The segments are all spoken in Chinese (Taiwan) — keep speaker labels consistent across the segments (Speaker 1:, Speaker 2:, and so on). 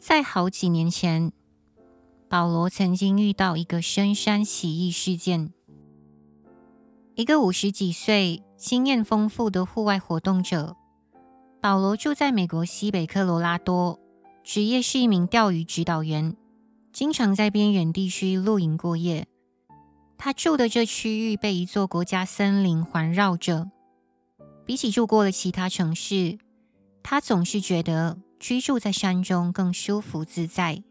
Speaker 1: 在好幾年前，保羅曾經遇到一個深山奇異事件。一個五十幾歲、經驗豐富的戶外活動者，保羅住在美國西北科羅拉多，職業是一名釣魚指導員，經常在邊遠地區露營過夜。他住的這區域被一座國家森林環繞着。比起住過的其他城市，他總是覺得居住在山中更舒服自在。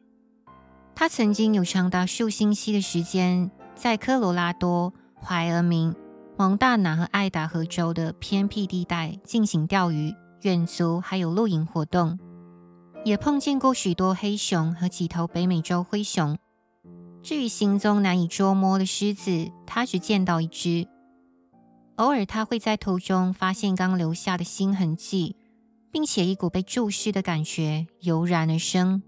Speaker 1: 他曾經有長達數星期的時間，在科羅拉多、懷俄明、蒙大拿和愛達荷州的偏僻地帶進行釣魚、遠足還有露營活動，也碰見過許多黑熊和幾頭北美洲灰熊。至於行蹤難以捉摸的獅子，他只見到一隻。偶爾，他會在途中發現剛留下的新痕跡。並且一股被注視的感覺油然而生。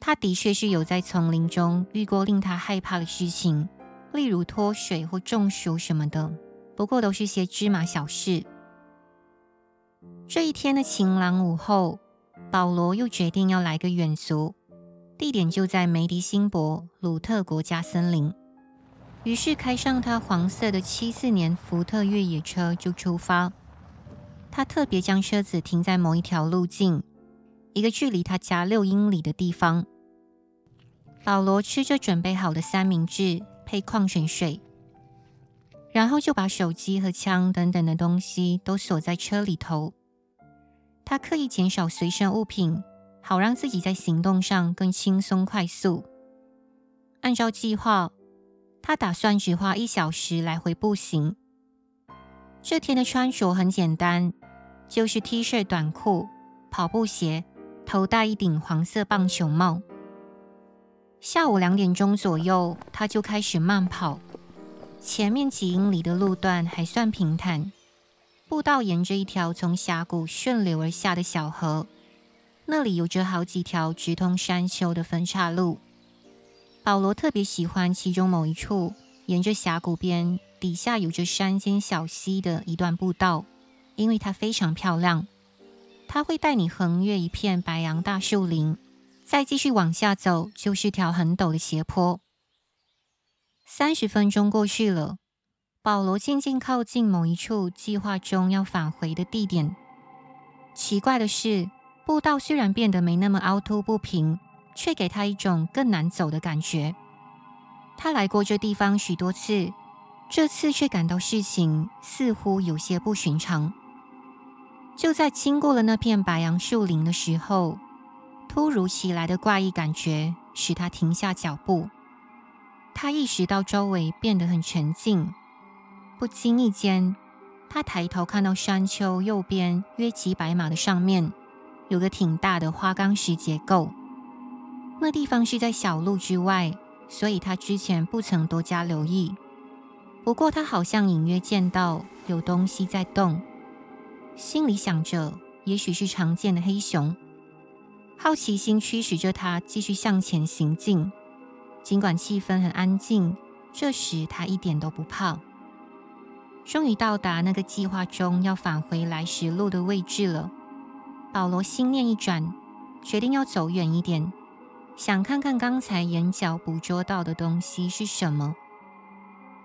Speaker 1: 他的確是有在叢林中遇過令他害怕的事情，例如脫水或中暑什麼的，不過都是些芝麻小事。這一天的晴朗午後，保羅又決定要來個遠足，地點就在梅迪辛伯魯特國家森林。於是開上他黃色的七四年福特越野車就出發。他特別將車子停在某一條路徑，一個距離他家六英里的地方。保羅吃着準備好的三明治，配礦泉水，然後就把手機和槍等等的東西都鎖在車裡頭。他刻意減少隨身物品，好讓自己在行動上更輕鬆快速。按照計劃，他打算只花一小時來回步行。這天的穿着很簡單，就是 T 恤、短褲、跑步鞋，頭戴一頂黃色棒球帽。下午兩點鐘左右，他就開始慢跑。前面幾英里的路段還算平坦，步道沿着一條從峽谷順流而下的小河，那裡有着好幾條直通山丘的分岔路。保羅特別喜歡其中某一處，沿着峽谷邊。底下有着山間小溪的一段步道，因為它非常漂亮。它會帶你橫越一片白楊大樹林，再繼續往下走就是條很陡的斜坡。三十分鐘過去了，保羅靜靜靠近某一處計劃中要返回的地點。奇怪的是，步道雖然變得沒那麼凹凸不平，卻給他一種更難走的感覺。他來過這地方許多次。這次卻感到事情似乎有些不尋常。就在經過了那片白楊樹林的時候，突如其來的怪異感覺使他停下腳步。他意識到周圍變得很沉靜，不經意間，他抬頭看到山丘右邊約幾百碼的上面有個挺大的花崗石結構。那地方是在小路之外，所以他之前不曾多加留意。不過，他好像隱約見到有東西在動，心裡想着，也許是常見的黑熊。好奇心驅使着他繼續向前行進，儘管氣氛很安靜。這時他一點都不怕。終於到達那個計劃中要返回來時路的位置了。保羅心念一轉，決定要走遠一點，想看看剛才眼角捕捉到的東西是什麼。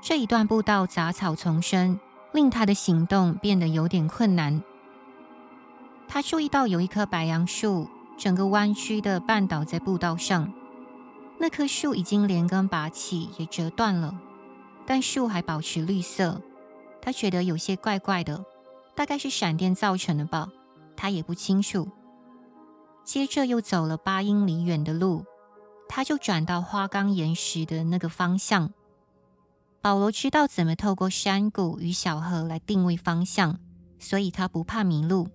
Speaker 1: 這一段步道雜草叢生，令他的行動變得有點困難。他注意到有一棵白楊樹，整個彎曲的半倒在步道上。那棵樹已經連根拔起，也折斷了，但樹還保持綠色。他覺得有些怪怪的，大概是閃電造成的吧，他也不清楚。接着又走了八英里遠的路，他就轉到花崗岩石的那個方向。保羅知道怎麼透過山谷與小河來定位方向，所以他不怕迷路。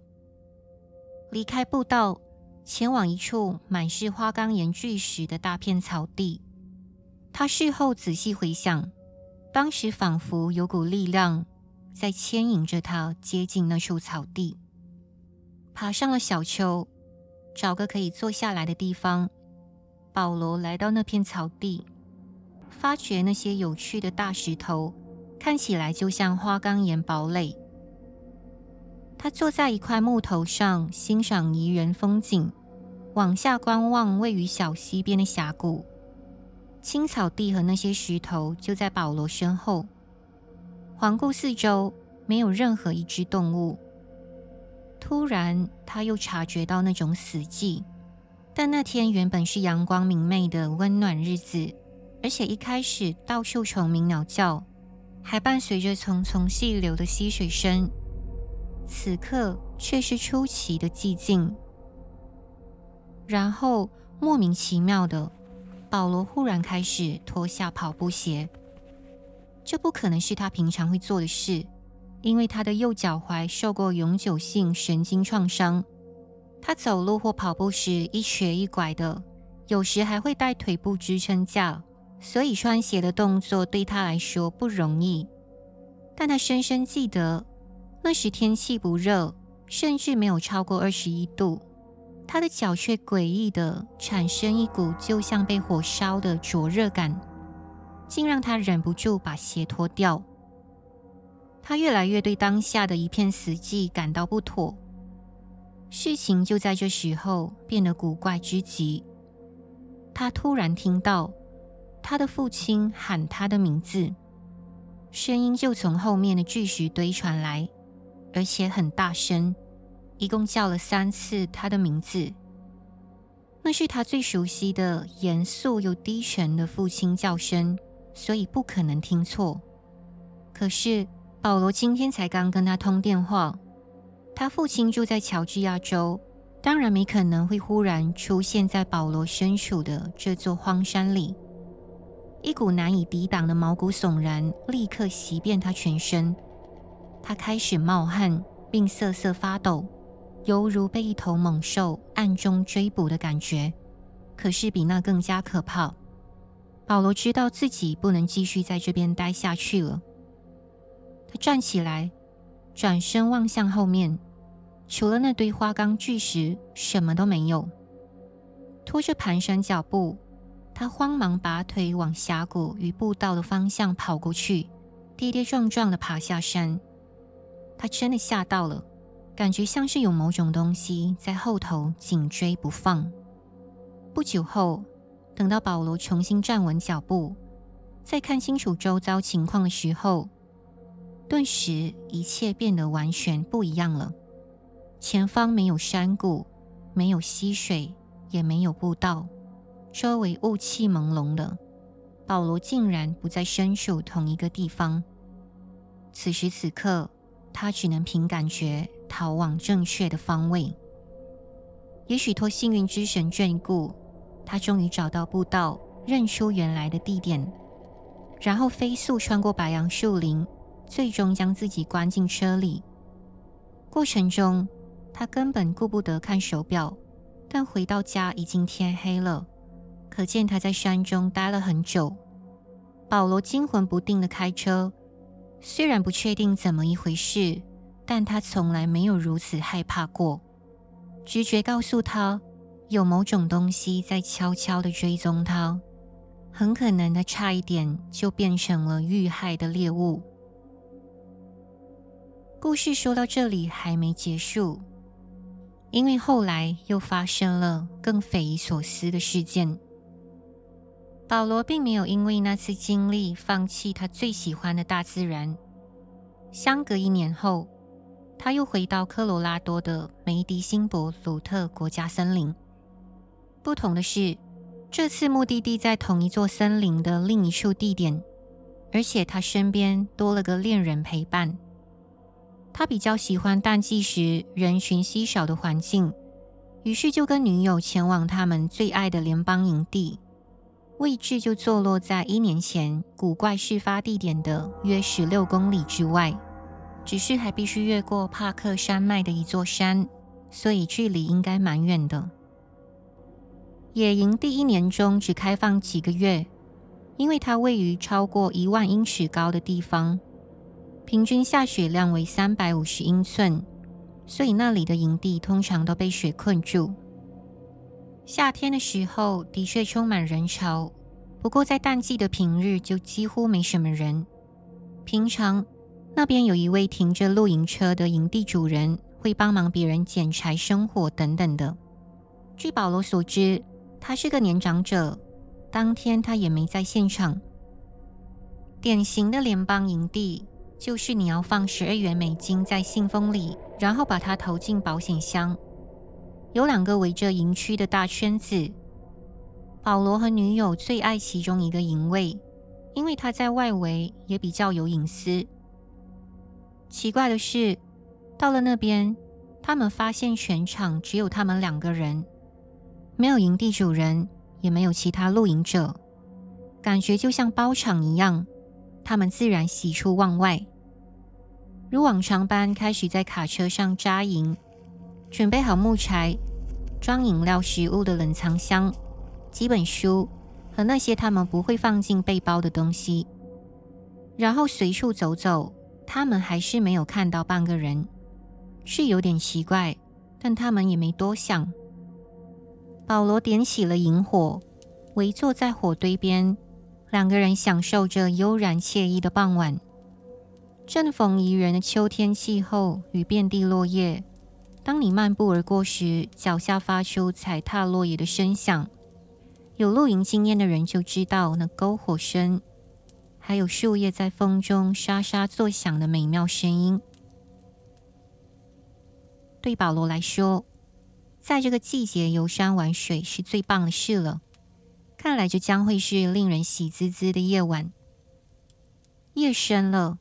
Speaker 1: 離開步道，前往一處滿是花崗岩巨石的大片草地。他事後仔細回想，當時仿佛有股力量在牽引着他接近那處草地。爬上了小丘，找個可以坐下來的地方，保羅來到那片草地。發覺那些有趣的大石頭看起來就像花崗岩堡壘。他坐在一塊木頭上，欣賞怡人風景，往下觀望位於小溪邊的峽谷、青草地和那些石頭就在保羅身後。環顧四周，沒有任何一隻動物。突然，他又察覺到那種死寂。但那天原本是陽光明媚的溫暖日子。而且一開始，到處蟲鳴鳥叫，還伴隨着淙淙細流的溪水聲。此刻卻是出奇的寂靜。然後莫名其妙的，保羅忽然開始脫下跑步鞋。這不可能是他平常會做的事，因為他的右腳踝受過永久性神經創傷，他走路或跑步時一瘸一拐的，有時還會帶腿部支撐架。所以穿鞋的動作對他來說不容易，但他深深記得，那時天氣不熱，甚至沒有超過二十一度，他的腳卻詭異地產生一股就像被火燒的灼熱感，竟讓他忍不住把鞋脫掉。他越來越對當下的一片死寂感到不妥，事情就在這時候變得古怪之極，他突然聽到。他的父親喊他的名字，聲音就從後面的巨石堆傳來，而且很大聲，一共叫了三次他的名字。那是他最熟悉的、嚴肅又低沉的父親叫聲，所以不可能聽錯。可是保羅今天才剛跟他通電話，他父親住在喬治亞州，當然沒可能會忽然出現在保羅身處的這座荒山裡。一股難以抵擋的毛骨悚然立刻襲遍他全身，他開始冒汗並瑟瑟發抖，猶如被一頭猛獸暗中追捕的感覺，可是比那更加可怕。保羅知道自己不能繼續在這邊待下去了。他站起來，轉身望向後面，除了那堆花崗巨石，什麼都沒有。拖着蹣跚腳步。他慌忙拔腿往峽谷與步道的方向跑過去，跌跌撞撞地爬下山。他真的嚇到了，感覺像是有某種東西在後頭緊追不放。不久後，等到保羅重新站穩腳步，再看清楚周遭情況的時候，頓時一切變得完全不一樣了。前方沒有山谷，沒有溪水，也沒有步道。周圍霧氣朦朧的，保羅竟然不再身處同一個地方。此時此刻，他只能憑感覺逃往正確的方位。也許托幸運之神眷顧，他終於找到步道，認出原來的地點，然後飛速穿過白楊樹林，最終將自己關進車裡。過程中，他根本顧不得看手表，但回到家已經天黑了。可見他在山中待了很久。保羅驚魂不定的開車，雖然不確定怎麼一回事，但他從來沒有如此害怕過。直覺告訴他，有某種東西在悄悄的追蹤他，很可能他差一點就變成了遇害的獵物。故事說到這裡還沒結束，因為後來又發生了更匪夷所思的事件。保羅並沒有因為那次經歷放棄他最喜歡的大自然。相隔一年後，他又回到科羅拉多的梅迪辛伯魯特國家森林。不同的是，這次目的地在同一座森林的另一處地點，而且他身邊多了個戀人陪伴。他比較喜歡淡季時人群稀少的環境，於是就跟女友前往他們最愛的聯邦營地。位置就坐落在一年前古怪事發地點的約十六公里之外，只是還必須越過帕克山脈的一座山，所以距離應該蠻遠的。野營地一年中只開放幾個月，因為它位於超過一萬英尺高的地方，平均下雪量為三百五十英寸，所以那裡的營地通常都被雪困住。夏天的時候的確充滿人潮，不過在淡季的平日就幾乎沒什麼人。平常那邊有一位停着露營車的營地主人，會幫忙別人撿柴生火等等的。據保羅所知，他是個年長者，當天他也沒在現場。典型的聯邦營地就是你要放十二元美金在信封裡，然後把它投進保險箱。有兩個圍着營區的大圈子。保羅和女友最愛其中一個營位，因為他在外圍也比較有隱私。奇怪的是，到了那邊，他們發現全場只有他們兩個人，沒有營地主人，也沒有其他露營者，感覺就像包場一樣。他們自然喜出望外，如往常般開始在卡車上紮營。準備好木柴、裝飲料、食物的冷藏箱、幾本書和那些他們不會放進背包的東西，然後隨處走走。他們還是沒有看到半個人，是有點奇怪，但他們也沒多想。保羅點起了營火，圍坐在火堆邊，兩個人享受着悠然愜意的傍晚。正逢宜人的秋天氣候與遍地落葉。當你漫步而過時，腳下發出踩踏落葉的聲響。有露營經驗的人就知道，那篝火聲，還有樹葉在風中沙沙作響的美妙聲音。對保羅來說，在這個季節遊山玩水是最棒的事了。看來這將會是令人喜滋滋的夜晚。夜深了，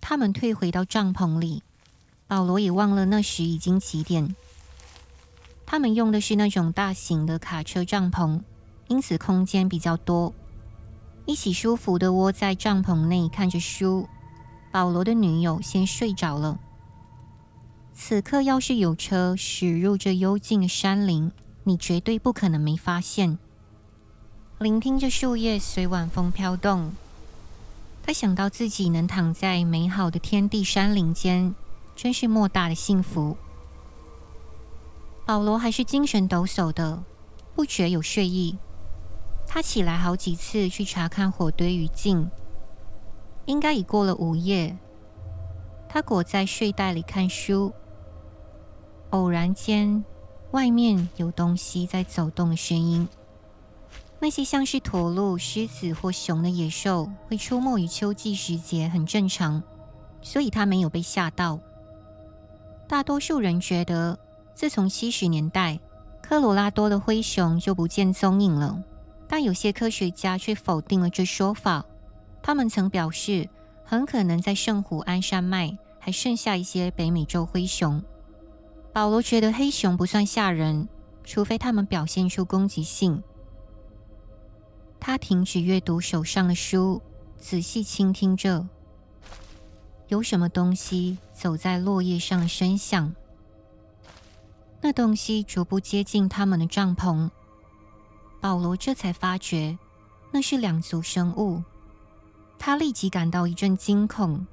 Speaker 1: 他們退回到帳篷裡。保羅也忘了那時已經幾點。他們用的是那種大型的卡車帳篷，因此空間比較多，一起舒服的窩在帳篷內看着書。保羅的女友先睡着了。此刻，要是有車駛入這幽靜的山林，你絕對不可能沒發現。聆聽着樹葉隨晚風飄動，他想到自己能躺在美好的天地山林間。真是莫大的幸福。保羅還是精神抖擻的，不覺有睡意。他起來好幾次去查看火堆餘燼，應該已過了午夜。他裹在睡袋裡看書，偶然間，外面有東西在走動的聲音。那些像是駝鹿、獅子或熊的野獸會出沒於秋季時節，很正常，所以他沒有被嚇到。大多數人覺得，自從七十年代，科羅拉多的灰熊就不見蹤影了。但有些科學家卻否定了這說法。他們曾表示，很可能在聖胡安山脈還剩下一些北美洲灰熊。保羅覺得黑熊不算嚇人，除非他們表現出攻擊性。他停止閱讀手上的書，仔細傾聽着，有什麼東西？走在落葉上的聲響，那東西逐步接近他們的帳篷。保羅這才發覺那是兩足生物，他立即感到一陣驚恐。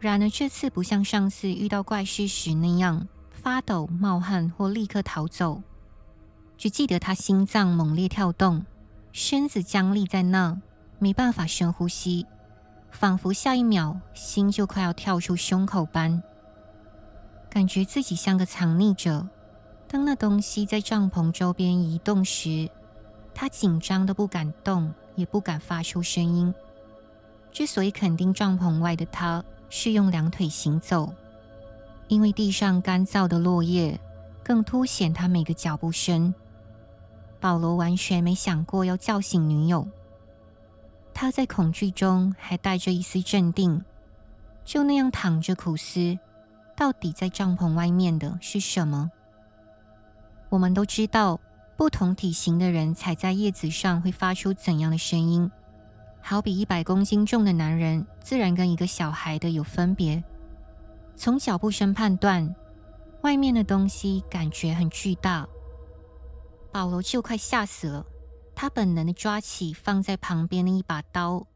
Speaker 1: 然而這次不像上次遇到怪事時那樣發抖、冒汗或立刻逃走，只記得他心臟猛烈跳動，身子僵立在那，沒辦法深呼吸，仿佛下一秒心就快要跳出胸口般。感覺自己像個藏匿者。當那東西在帳篷周邊移動時，他緊張得不敢動，也不敢發出聲音。之所以肯定帳篷外的他是用兩腿行走，因為地上乾燥的落葉更凸顯他每個腳步聲。保羅完全沒想過要叫醒女友。他在恐懼中還帶着一絲鎮定，就那樣躺着苦思。到底在帳篷外面的是什麼？我們都知道，不同體型的人踩在葉子上會發出怎樣的聲音。好比一百公斤重的男人，自然跟一個小孩的有分別。從腳步聲判斷，外面的東西感覺很巨大。保羅就快嚇死了，他本能地抓起放在旁邊的一把刀，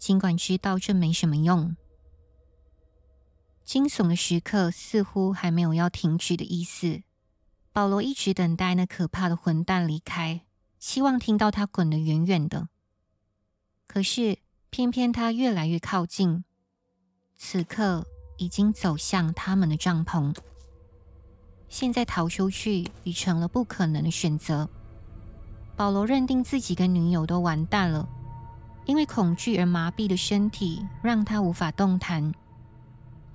Speaker 1: 儘管知道這沒什麼用。驚悚的時刻似乎還沒有要停止的意思。保羅一直等待那可怕的混蛋離開，希望聽到他滾得遠遠的。可是，偏偏他越來越靠近，此刻已經走向他們的帳篷。現在逃出去已成了不可能的選擇。保羅認定自己跟女友都完蛋了，因為恐懼而麻痹的身體讓他無法動彈。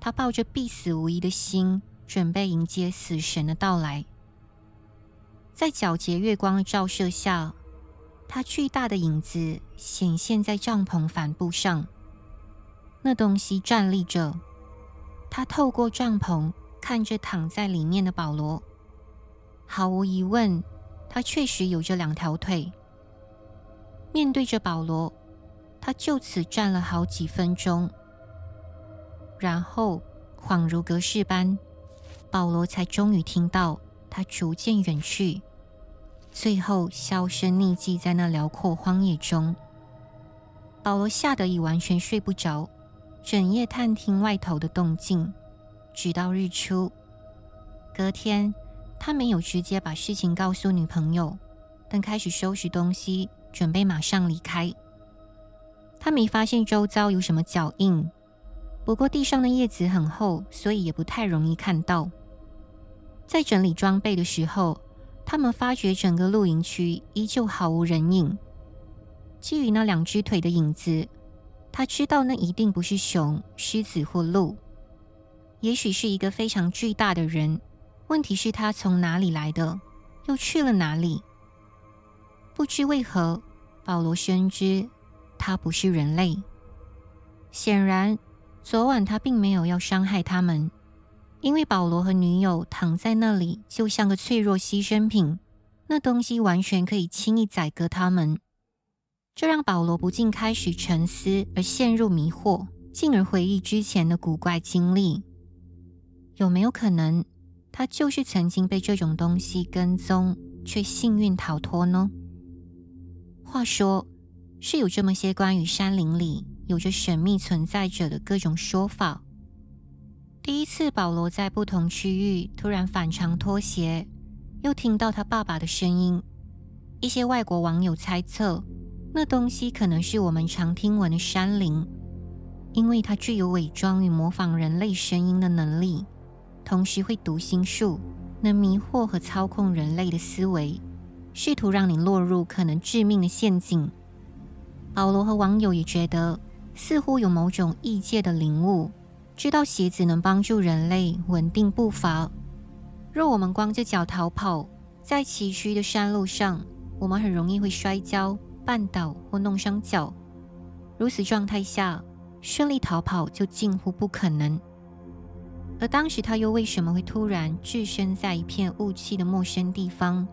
Speaker 1: 他抱着必死無疑的心，準備迎接死神的到來。在皎潔月光的照射下，他巨大的影子顯現在帳篷帆布上。那東西站立着，他透過帳篷看着躺在裡面的保羅。毫無疑問，他確實有着兩條腿。面對着保羅，他就此站了好幾分鐘。然後恍如隔世般，保羅才終於聽到他逐漸遠去，最後銷聲匿跡在那遼闊荒野中。保羅嚇得已完全睡不着，整夜探聽外頭的動靜，直到日出。隔天，他沒有直接把事情告訴女朋友，但開始收拾東西，準備馬上離開。他沒發現周遭有什麼腳印。不過，地上的葉子很厚，所以也不太容易看到。在整理裝備的時候，他們發覺整個露營區依舊毫無人影。基於那兩隻腿的影子，他知道那一定不是熊、獅子或鹿，也許是一個非常巨大的人。問題是，他從哪裡來的，又去了哪裡？不知為何，保羅深知他不是人類。顯然。昨晚他並沒有要傷害他們，因為保羅和女友躺在那裡，就像個脆弱犧牲品。那東西完全可以輕易宰割他們，這讓保羅不禁開始沉思，而陷入迷惑，進而回憶之前的古怪經歷。有沒有可能，他就是曾經被這種東西跟蹤，卻幸運逃脫呢？話說，是有這麼些關於山林裡。有着神祕存在者的各種說法。第一次，保羅在不同區域突然反常脫鞋，又聽到他爸爸的聲音。一些外國網友猜測，那東西可能是我們常聽聞的山林，因為它具有偽裝與模仿人類聲音的能力，同時會讀心術，能迷惑和操控人類的思維，試圖讓你落入可能致命的陷阱。保羅和網友也覺得。似乎有某種異界的領悟，知道鞋子能幫助人類穩定步伐。若我們光着腳逃跑，在崎嶇的山路上，我們很容易會摔跤、絆倒或弄傷腳。如此狀態下，順利逃跑就近乎不可能。而當時他又為什麼會突然置身在一片霧氣的陌生地方？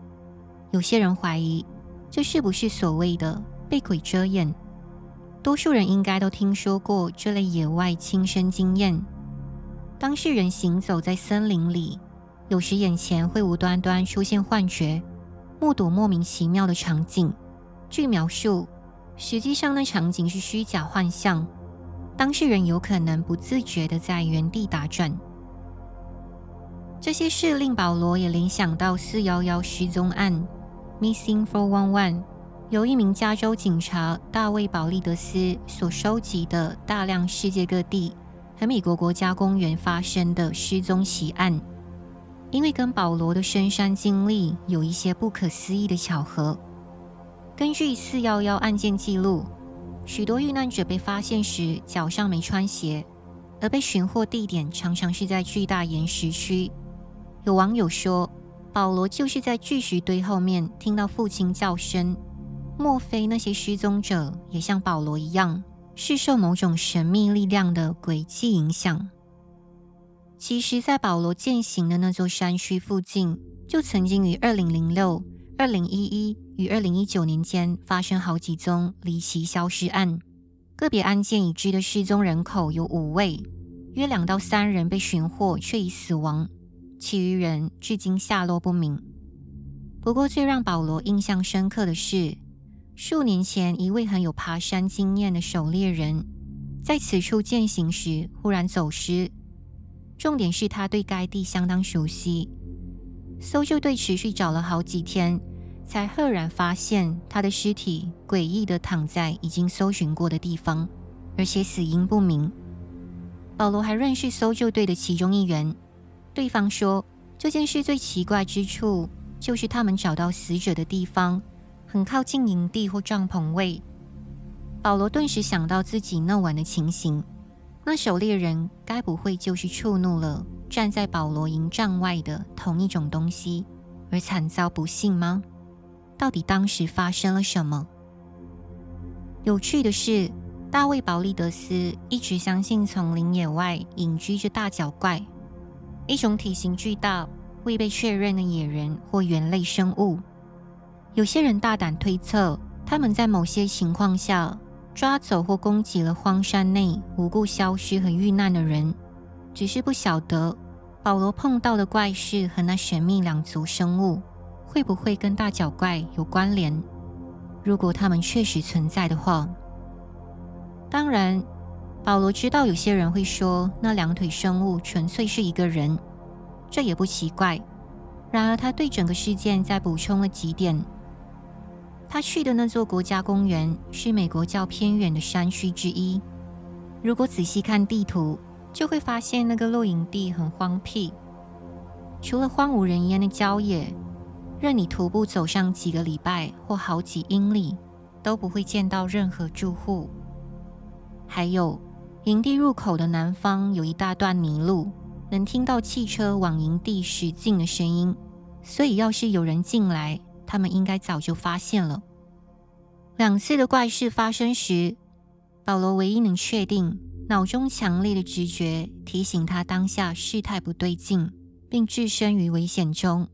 Speaker 1: 有些人懷疑，這是不是所謂的被鬼遮眼？多數人應該都聽說過這類野外親身經驗。當事人行走在森林裡，有時眼前會無端端出現幻覺，目睹莫名其妙的場景。據描述，實際上那場景是虛假幻象。當事人有可能不自覺地在原地打轉。這些事令保羅也聯想到四幺幺失蹤案 （Missing for One One。由一名加州警察大衛·保利德斯所收集的大量世界各地和美國國家公園發生的失蹤奇案，因為跟保羅的深山經歷有一些不可思議的巧合。根據411案件記錄，許多遇難者被發現時腳上沒穿鞋，而被尋獲地點常常是在巨大岩石區。有網友說，保羅就是在巨石堆後面聽到父親叫聲。莫非那些失蹤者也像保羅一樣，是受某種神秘力量的軌跡影響？其實，在保羅健行的那座山區附近，就曾經於2006、2011與2019年間發生好幾宗離奇消失案。個別案件已知的失蹤人口有五位，約兩到三人被尋獲卻已死亡，其餘人至今下落不明。不過，最讓保羅印象深刻的是。數年前，一位很有爬山經驗的狩獵人在此處健行時，忽然走失。重點是他對該地相當熟悉。搜救隊持續找了好幾天，才赫然發現他的屍體詭異地躺在已經搜尋過的地方，而且死因不明。保羅還認識搜救隊的其中一員，對方說這件事最奇怪之處就是他們找到死者的地方。很靠近營地或帳篷位，保羅頓時想到自己那晚的情形。那狩獵人該不會就是觸怒了站在保羅營帳外的同一種東西，而慘遭不幸嗎？到底當時發生了什麼？有趣的是，大衛·保利德斯一直相信叢林野外隱居着大腳怪，一種體型巨大、未被確認的野人或猿類生物。有些人大膽推測，他們在某些情況下抓走或攻擊了荒山內無故消失和遇難的人，只是不曉得保羅碰到的怪事和那神秘兩足生物會不會跟大腳怪有關聯。如果他們確實存在的話，當然，保羅知道有些人會說那兩腿生物純粹是一個人，這也不奇怪。然而，他對整個事件再補充了幾點。他去的那座國家公園是美國較偏遠的山區之一。如果仔細看地圖，就會發現那個露營地很荒僻，除了荒無人煙的郊野，任你徒步走上幾個禮拜或好幾英里，都不會見到任何住戶。還有，營地入口的南方有一大段泥路，能聽到汽車往營地駛進的聲音，所以要是有人進來。他們應該早就發現了。兩次的怪事發生時，保羅唯一能確定，腦中強烈的直覺提醒他當下事態不對勁，並置身於危險中。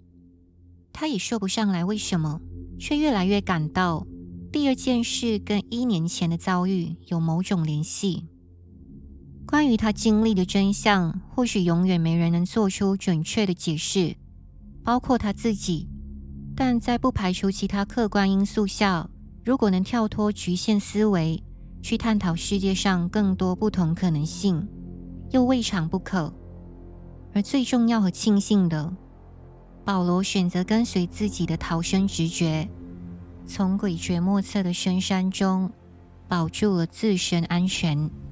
Speaker 1: 他也說不上來為什麼，卻越來越感到第二件事跟一年前的遭遇有某種聯繫。關於他經歷的真相，或許永遠沒人能做出準確的解釋，包括他自己。但在不排除其他客觀因素下，如果能跳脫局限思維，去探討世界上更多不同可能性，又未嘗不可。而最重要和慶幸的，保羅選擇跟隨自己的逃生直覺，從詭譎莫測的深山中保住了自身安全。